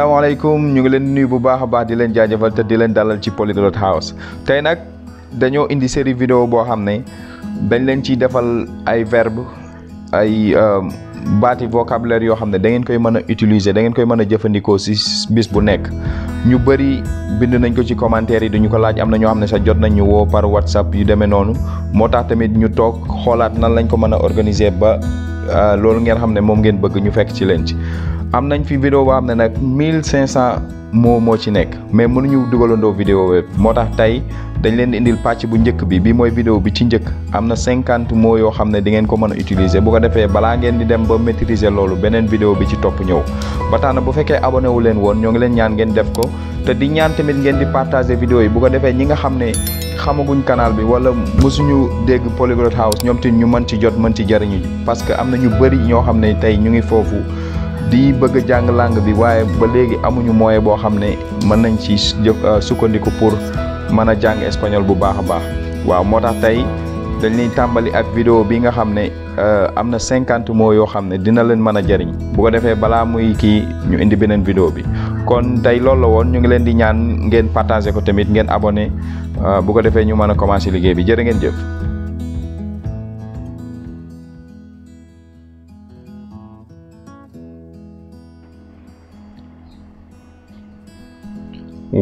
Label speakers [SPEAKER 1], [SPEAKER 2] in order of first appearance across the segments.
[SPEAKER 1] asalaamaaleykum ñu ngi leen nuyu bu baax a baax di leen jaajëfal te di leen dalal ci Polyglot House tey nag dañoo indi série vidéo boo xam ne dañ leen ciy defal ay verbe ay euh, baati vocabulaire yoo xam ne da ngeen koy mën a utiliser da ngeen koy mën a jëfandikoo si bis bu nekk ñu bëri bind nañ ko ci commentaire yi duñu ko laaj am na ñoo xam ne sax jot nañu ñu woo par whatsapp yu demee noonu moo tax tamit ñu toog xoolaat nan lañ ko mën a organiser ba euh, loolu ngeen xam ne moom ngeen bëgg ñu fekk ci leen ci am nañ fi vidéo boo xam ne nag mille cinq cent moo moo ci nekk mais mënuñu dugalandoo vidéo web moo tax tey dañ leen di indil pàcc bu njëkk bi bi mooy vidéo bi ci njëkk am na cinquante mots yoo xam ne di ngeen ko mën a utiliser bu ko defee balaa ngeen di dem ba maîtriser loolu beneen vidéo bi ci topp ñëw ba bu fekkee abonné leen woon ñoo ngi ñaan ngeen def ko te di ñaan tamit ngeen di partager vidéo yi bu ko defee ñi nga xam ne xamaguñ kanaal bi wala mosuñu dégg Polyglot House ñoom tamit ñu mën ci jot mën ci jariñu parce que am na ñu bëri ñoo xam ne tey ñu ngi foofu di bëgg jàng làng bi waaye ba léegi amuñu moyen boo xam ne mën nañ ci euh, sukkandiku pour mën a jàng espagnol bu baax a baax waaw moo tax tey dañ dañuy tàmbali ak vidéo bi nga xam ne euh, am na cinquante mots yoo xam ne dina leen mën a jariñ bu defee balaa muy kii ñu indi beneen vidéo bi kon tey loolu la woon ñu ngi leen di ñaan ngeen partager ko tamit ngeen abonné euh, bu ko defee ñu mën a commencer liggéey bi jërë ngeen jëf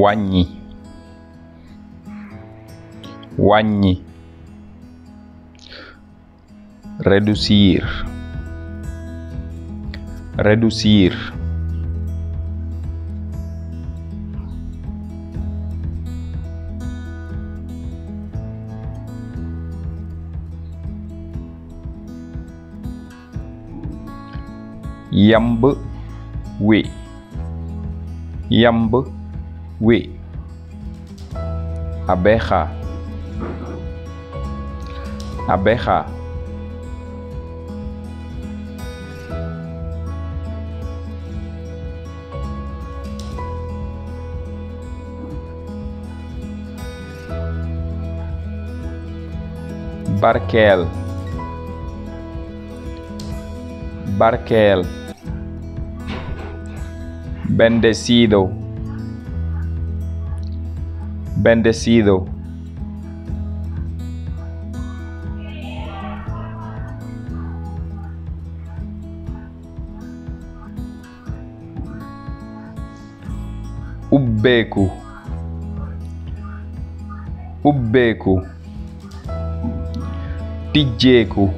[SPEAKER 1] wàññi wàññi réducir yamb wi yamb W. Abeja. Abeja. Barquel. Barquel. Bendecido. bendecido. O beco. O beco. Tijeco.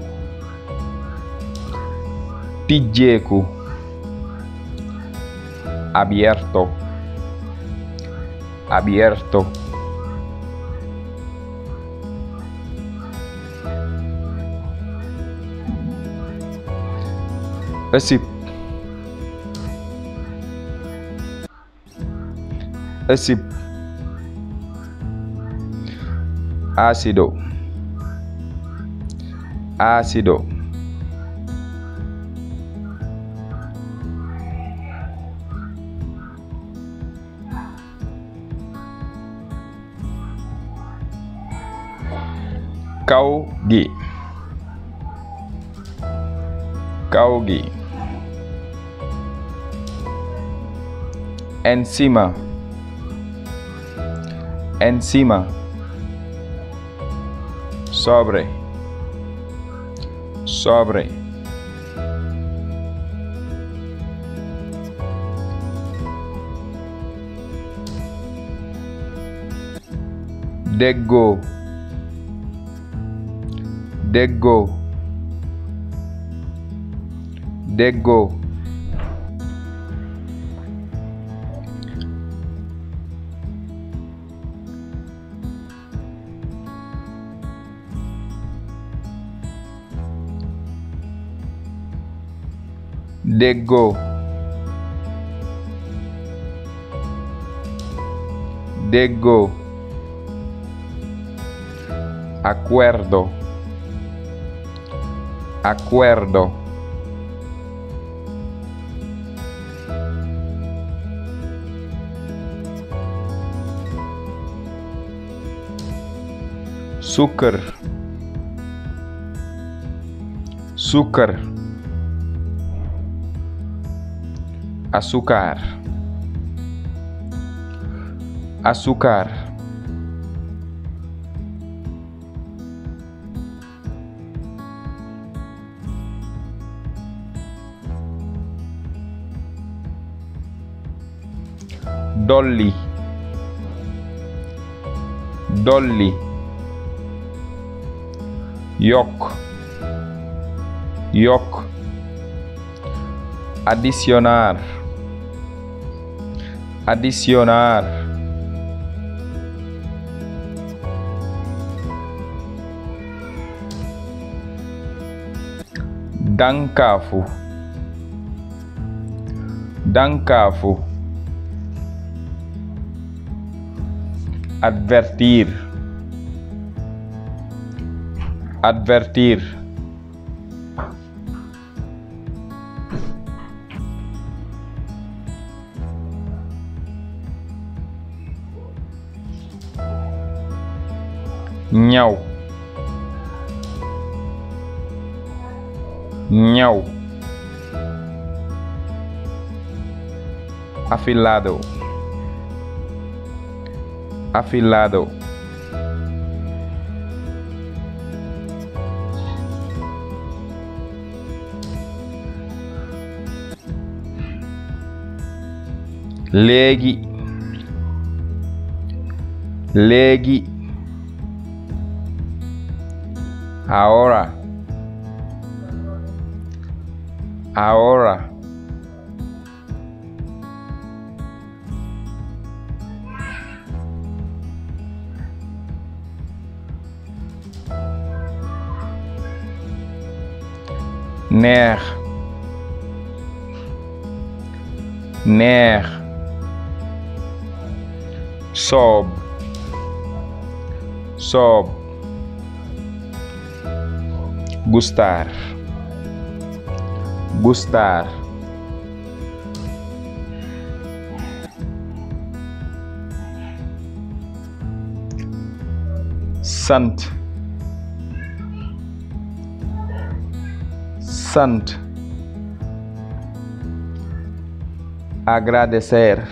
[SPEAKER 1] Abierto. Abierto. ësib ësib acido acido kaw gi kaw gi enzima encima sobre sobre deggo déggoo déggoo acuerdo acuerdo sucre sucre azúcar, azúcar. Dolly, dolly, yokk, yokk, adicionar. adicionar. Dankafu. Dankafu. Advertir. Advertir. ñaw ñaw afilado afilado léegi léegi ahora, ahora. Nerf. Nerf. Sob. Sob. gustar gustar sant sant agradecer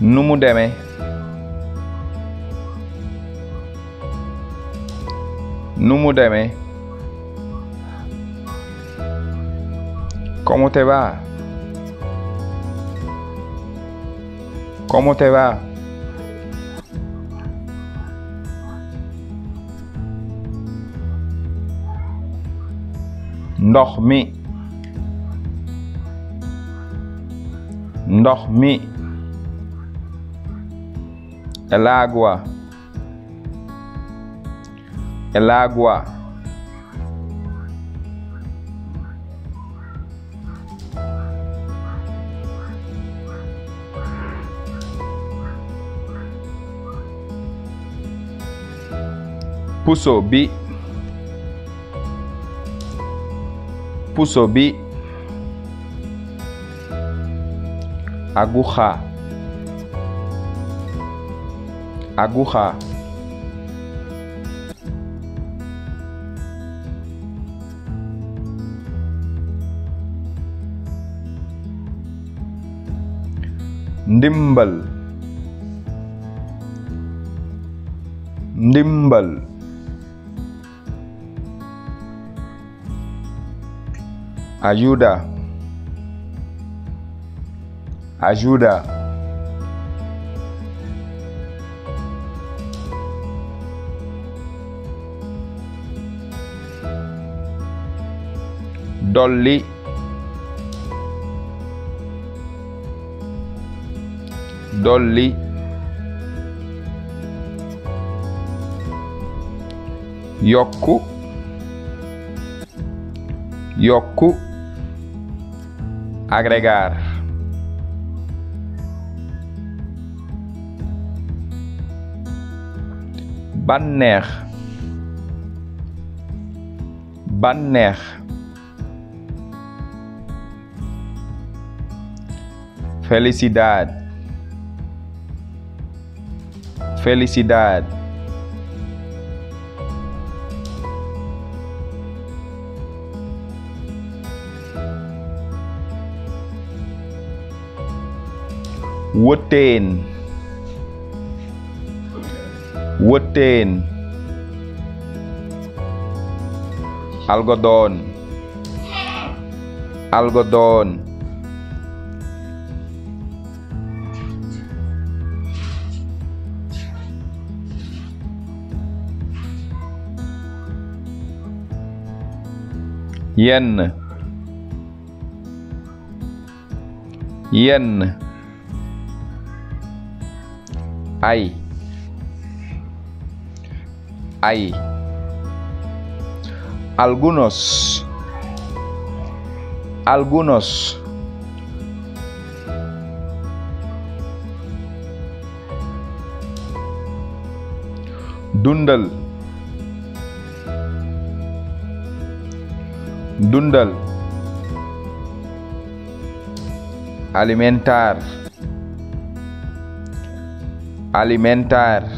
[SPEAKER 1] nu mu demee nu mu demee cómo te va cómo te va ndox mi mi El agua. Puso bi. Puso bi. Aguja. aguja ndimbal ndimbal ayuda ayuda dolli dolli yokku yokku agregar banneex banneex Felicidade. Felicidade. Weten. Weten. Algodão. Algodão. yenn yenn ay ay algunos algunos dundal dundal alimentaire alimentaire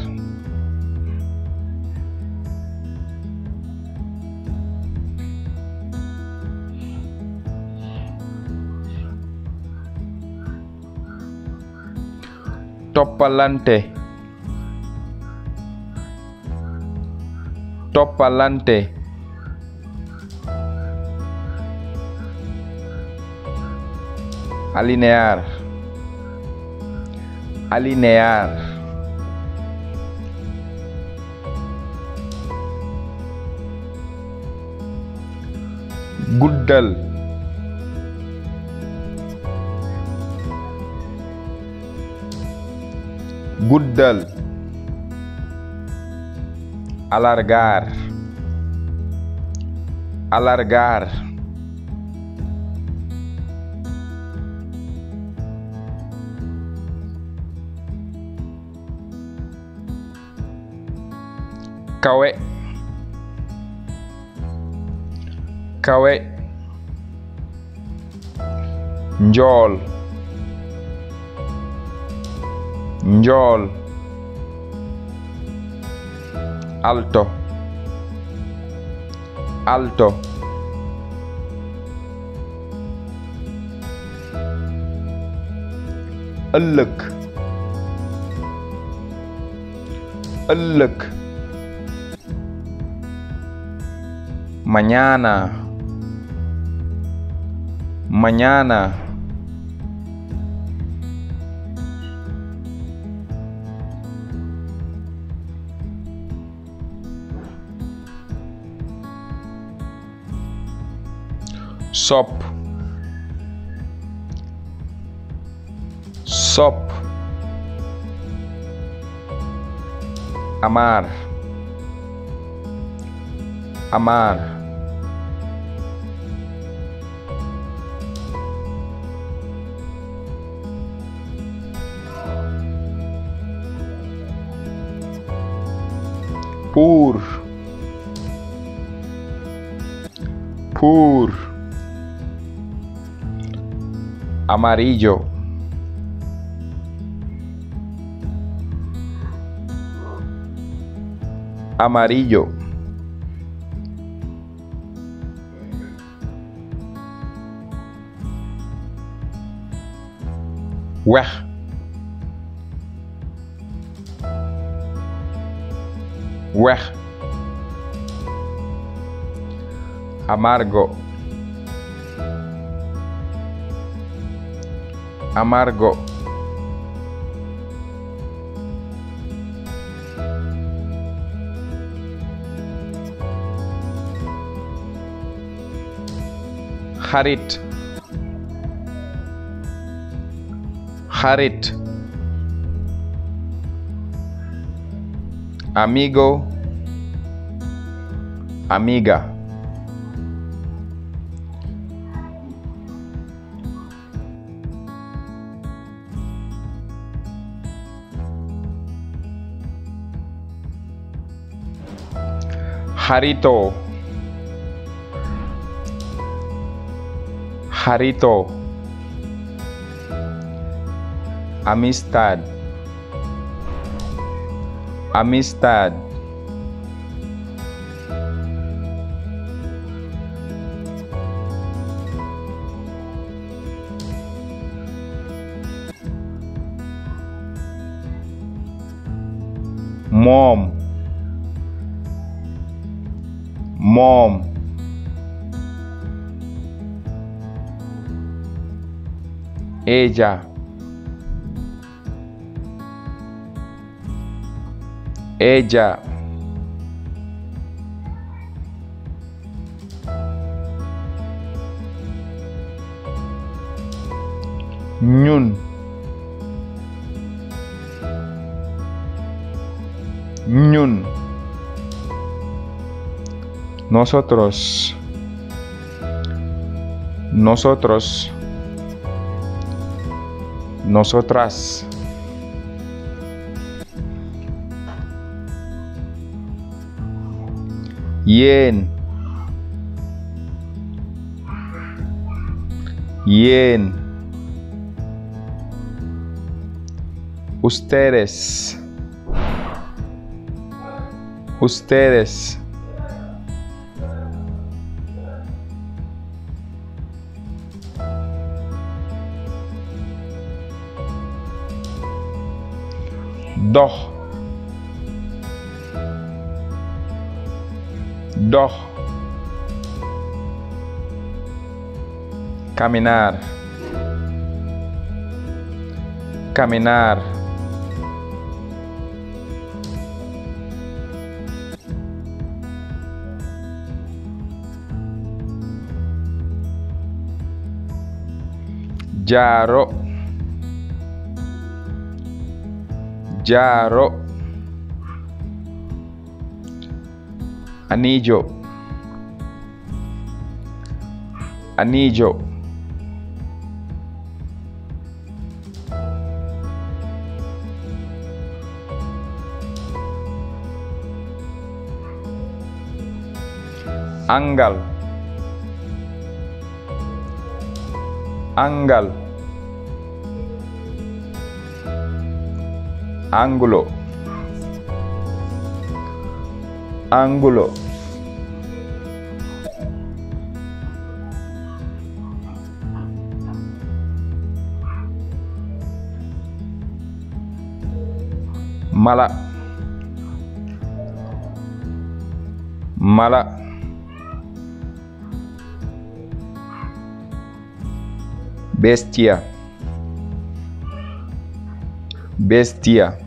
[SPEAKER 1] toppalante alinear, alinear. guddal guddal alargar alargar kawe kawe njool njool alto alto ëllëg ëllëg mañana, mañana. Sop. Sop. Amar. Amar. pour por amarillo amarillo Weex amargo amargo xarit xarit amigo amiga. Jarito. Jarito. Amistad. Amistad. moom moom ella ella ñun ñun nosotros nosotros nosotras yéen yéen ustedes ustedes. dox dox caminar jaaro jaaro anillo anillo angal ángulo, ángulo. Mala, mala. Bestia. Bestia.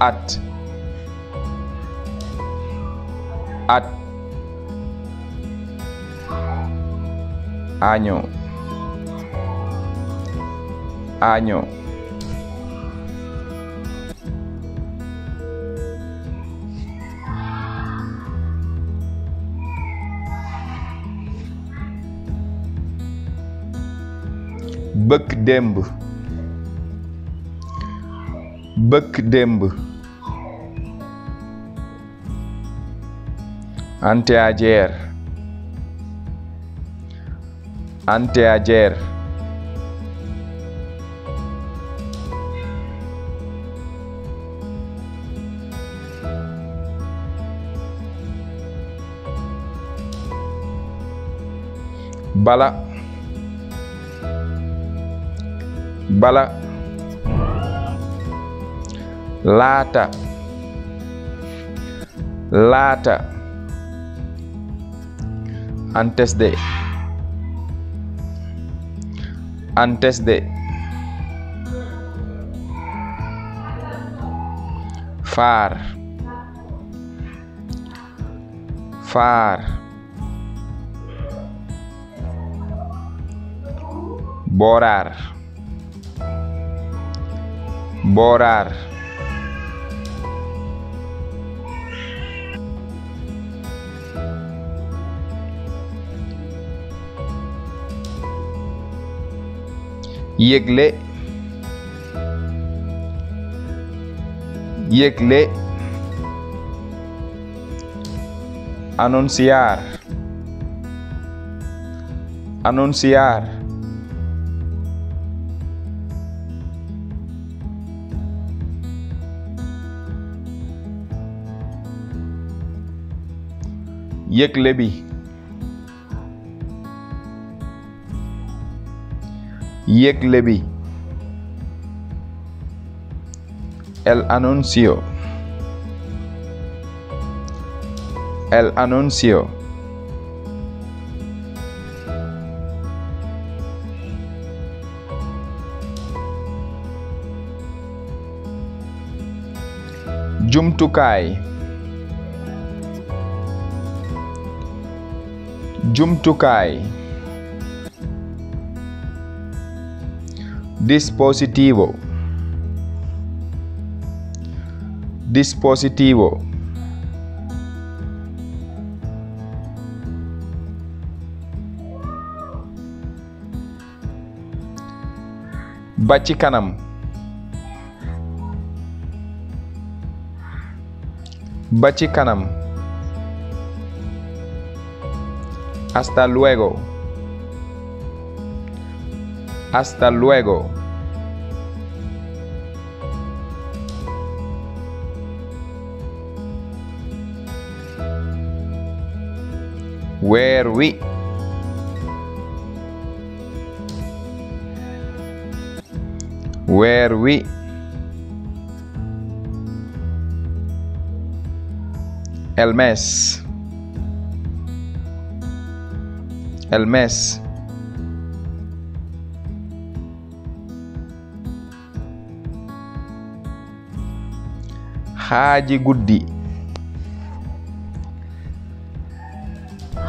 [SPEAKER 1] at at año año bëkk démb bëkk démb anteajeer bala bala laata laata antes de antes de far yëgle yëgle anunciar anunciar yëgle bi yégle bi el anuncio el anuncio jumtukaay dispositivo dispositivo ba ci kanam baci kanam hasta luego hasta luego where we where we el mes el guddi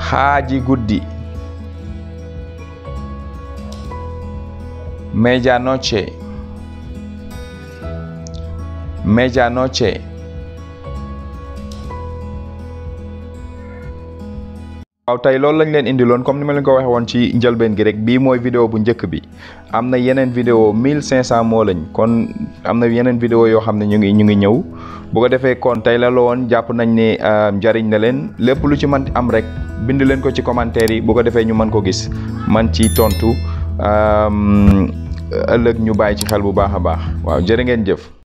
[SPEAKER 1] xaaji guddi medianoche medianoche waaw tey loolu lañ leen indiloon comme ni ma leen ko waxee woon ci njëlbeen gi rek bii mooy vidéo bu njëkk bi am na yeneen vidéo 1500 moo lañ kon am na yeneen vidéo yoo xam ne ñu ngi ñu ngi ñëw bu ko defee kon tey la la woon jàpp nañ ne euh, njariñ na leen lépp lu ci mën am rek bind leen ko ci commentaire yi bu ko defee ñu mën ko gis man ci tontu euh, ëllëg ñu bàyyi ci xel bu baax a baax waaw jërë ngeen jëf